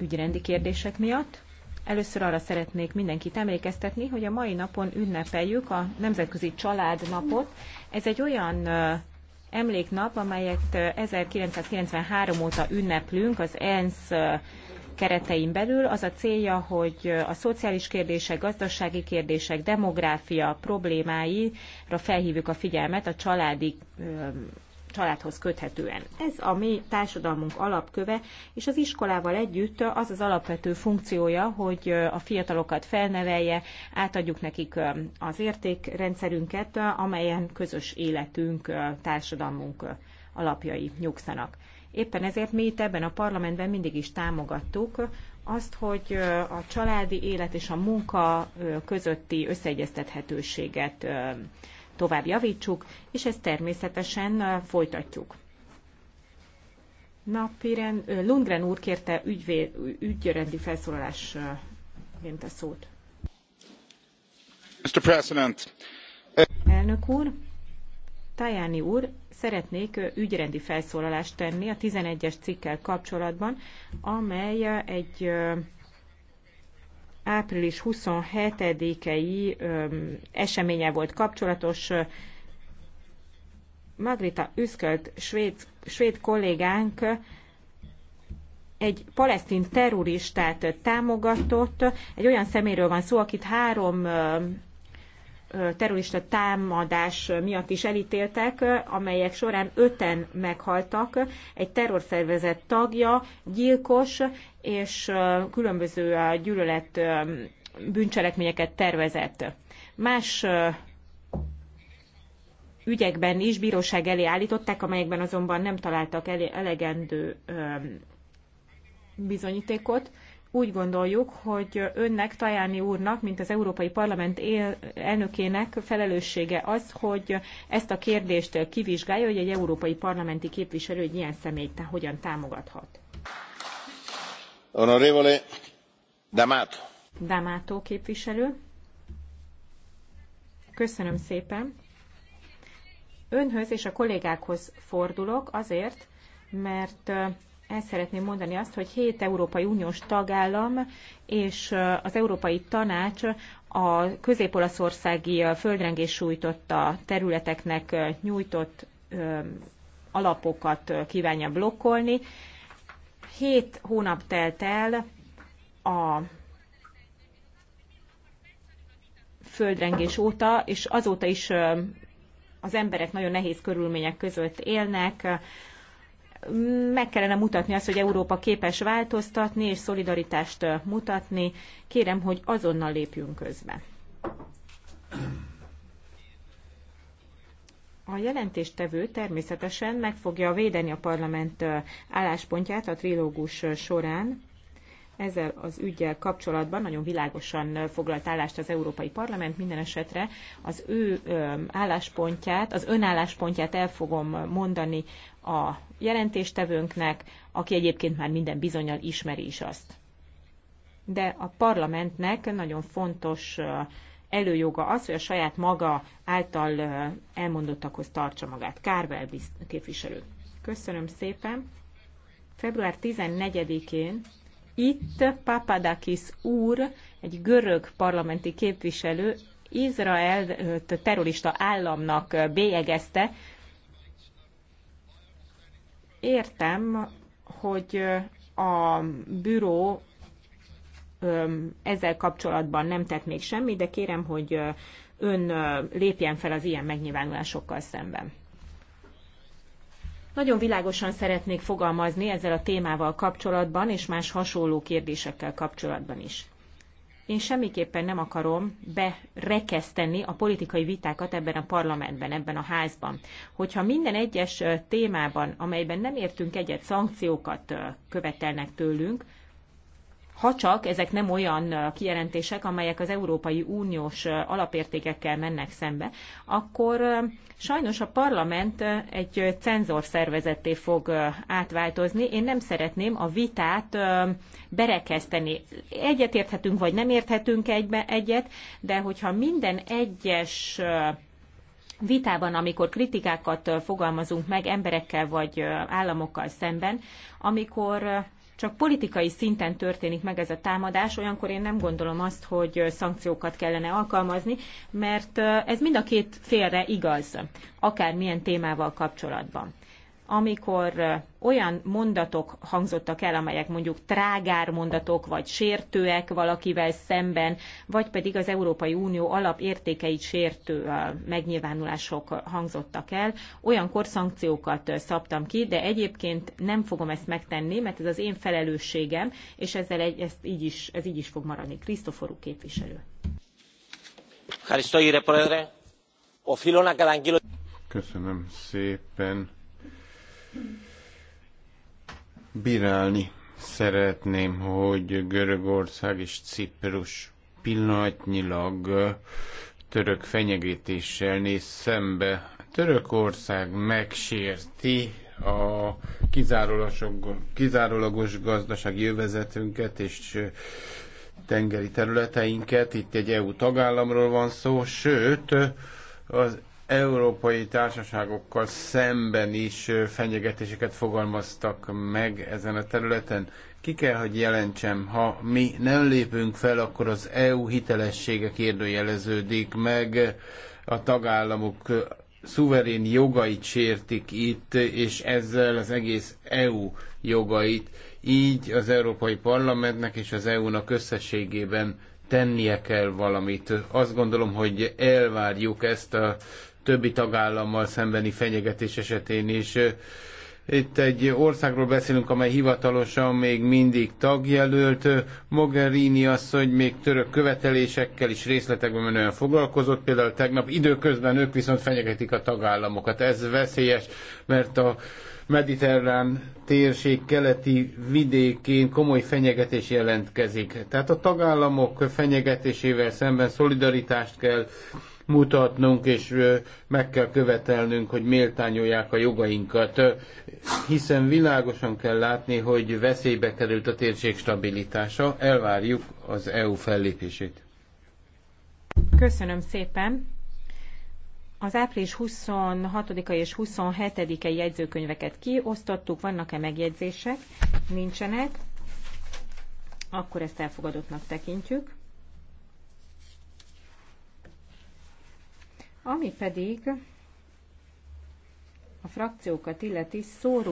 ügyrendi kérdések miatt. Először arra szeretnék mindenkit emlékeztetni, hogy a mai napon ünnepeljük a Nemzetközi Családnapot. Ez egy olyan emléknap, amelyet 1993 óta ünneplünk az ENSZ keretein belül. Az a célja, hogy a szociális kérdések, gazdasági kérdések, demográfia problémáira felhívjuk a figyelmet a családi családhoz köthetően. Ez a mi társadalmunk alapköve, és az iskolával együtt az az alapvető funkciója, hogy a fiatalokat felnevelje, átadjuk nekik az értékrendszerünket, amelyen közös életünk, társadalmunk alapjai nyugszanak. Éppen ezért mi itt ebben a parlamentben mindig is támogattuk azt, hogy a családi élet és a munka közötti összeegyeztethetőséget tovább javítsuk, és ezt természetesen folytatjuk. Napiren, Lundgren úr kérte ügyvé, ügyrendi felszólalás mint a szót. Mr. President. Elnök úr, Tajani úr, szeretnék ügyrendi felszólalást tenni a 11-es cikkel kapcsolatban, amely egy április 27-i eseménye volt kapcsolatos. Magrita Üszkölt, svéd, svéd kollégánk egy palesztin terroristát támogatott. Egy olyan szeméről van szó, akit három terrorista támadás miatt is elítéltek, amelyek során öten meghaltak. Egy terrorszervezet tagja, gyilkos és különböző gyűlölet bűncselekményeket tervezett. Más ügyekben is bíróság elé állították, amelyekben azonban nem találtak elegendő bizonyítékot úgy gondoljuk, hogy önnek, Tajáni úrnak, mint az Európai Parlament él, elnökének felelőssége az, hogy ezt a kérdést kivizsgálja, hogy egy európai parlamenti képviselő egy ilyen személyt hogyan támogathat. Honorevole D'Amato. D'Amato képviselő. Köszönöm szépen. Önhöz és a kollégákhoz fordulok azért, mert el szeretném mondani azt, hogy hét Európai Uniós tagállam és az Európai Tanács a közép-olaszországi földrengés sújtotta területeknek nyújtott alapokat kívánja blokkolni. Hét hónap telt el a földrengés óta, és azóta is az emberek nagyon nehéz körülmények között élnek, meg kellene mutatni azt, hogy Európa képes változtatni és szolidaritást mutatni. Kérem, hogy azonnal lépjünk közbe. A jelentéstevő természetesen meg fogja védeni a parlament álláspontját a trilógus során, ezzel az ügyel kapcsolatban nagyon világosan foglalt állást az Európai Parlament, minden esetre az ő álláspontját, az önálláspontját el fogom mondani a jelentéstevőnknek, aki egyébként már minden bizonyal ismeri is azt. De a parlamentnek nagyon fontos előjoga az, hogy a saját maga által elmondottakhoz tartsa magát. Kárvel képviselő. Köszönöm szépen. Február 14-én itt Papadakis úr, egy görög parlamenti képviselő, Izrael terrorista államnak bélyegezte. Értem, hogy a büró ezzel kapcsolatban nem tett még semmit, de kérem, hogy ön lépjen fel az ilyen megnyilvánulásokkal szemben. Nagyon világosan szeretnék fogalmazni ezzel a témával kapcsolatban, és más hasonló kérdésekkel kapcsolatban is. Én semmiképpen nem akarom berekeszteni a politikai vitákat ebben a parlamentben, ebben a házban. Hogyha minden egyes témában, amelyben nem értünk egyet, szankciókat követelnek tőlünk, ha csak ezek nem olyan kijelentések, amelyek az Európai Uniós alapértékekkel mennek szembe, akkor sajnos a parlament egy cenzor szervezetté fog átváltozni. Én nem szeretném a vitát berekeszteni. Egyet érthetünk, vagy nem érthetünk egybe, egyet, de hogyha minden egyes vitában, amikor kritikákat fogalmazunk meg emberekkel vagy államokkal szemben, amikor csak politikai szinten történik meg ez a támadás, olyankor én nem gondolom azt, hogy szankciókat kellene alkalmazni, mert ez mind a két félre igaz, akármilyen témával kapcsolatban amikor olyan mondatok hangzottak el, amelyek mondjuk trágár mondatok, vagy sértőek valakivel szemben, vagy pedig az Európai Unió alapértékeit sértő megnyilvánulások hangzottak el, olyankor szankciókat szabtam ki, de egyébként nem fogom ezt megtenni, mert ez az én felelősségem, és ezzel egy, ezt így is, ez így is fog maradni. Krisztoforú képviselő. Köszönöm szépen Bírálni szeretném, hogy Görögország és Ciprus pillanatnyilag török fenyegetéssel néz szembe. Törökország megsérti a kizárólagos gazdasági jövezetünket és tengeri területeinket. Itt egy EU tagállamról van szó, sőt, az európai társaságokkal szemben is fenyegetéseket fogalmaztak meg ezen a területen. Ki kell, hogy jelentsem, ha mi nem lépünk fel, akkor az EU hitelessége kérdőjeleződik meg, a tagállamok szuverén jogait sértik itt, és ezzel az egész EU jogait. Így az Európai Parlamentnek és az EU-nak összességében tennie kell valamit. Azt gondolom, hogy elvárjuk ezt a többi tagállammal szembeni fenyegetés esetén is. Itt egy országról beszélünk, amely hivatalosan még mindig tagjelölt. Mogherini hogy még török követelésekkel is részletekben menően foglalkozott, például tegnap időközben ők viszont fenyegetik a tagállamokat. Ez veszélyes, mert a mediterrán térség keleti vidékén komoly fenyegetés jelentkezik. Tehát a tagállamok fenyegetésével szemben szolidaritást kell mutatnunk, és meg kell követelnünk, hogy méltányolják a jogainkat, hiszen világosan kell látni, hogy veszélybe került a térség stabilitása. Elvárjuk az EU fellépését. Köszönöm szépen! Az április 26-a és 27-e jegyzőkönyveket kiosztottuk, vannak-e megjegyzések? Nincsenek. Akkor ezt elfogadottnak tekintjük. Ami pedig a frakciókat illeti szóró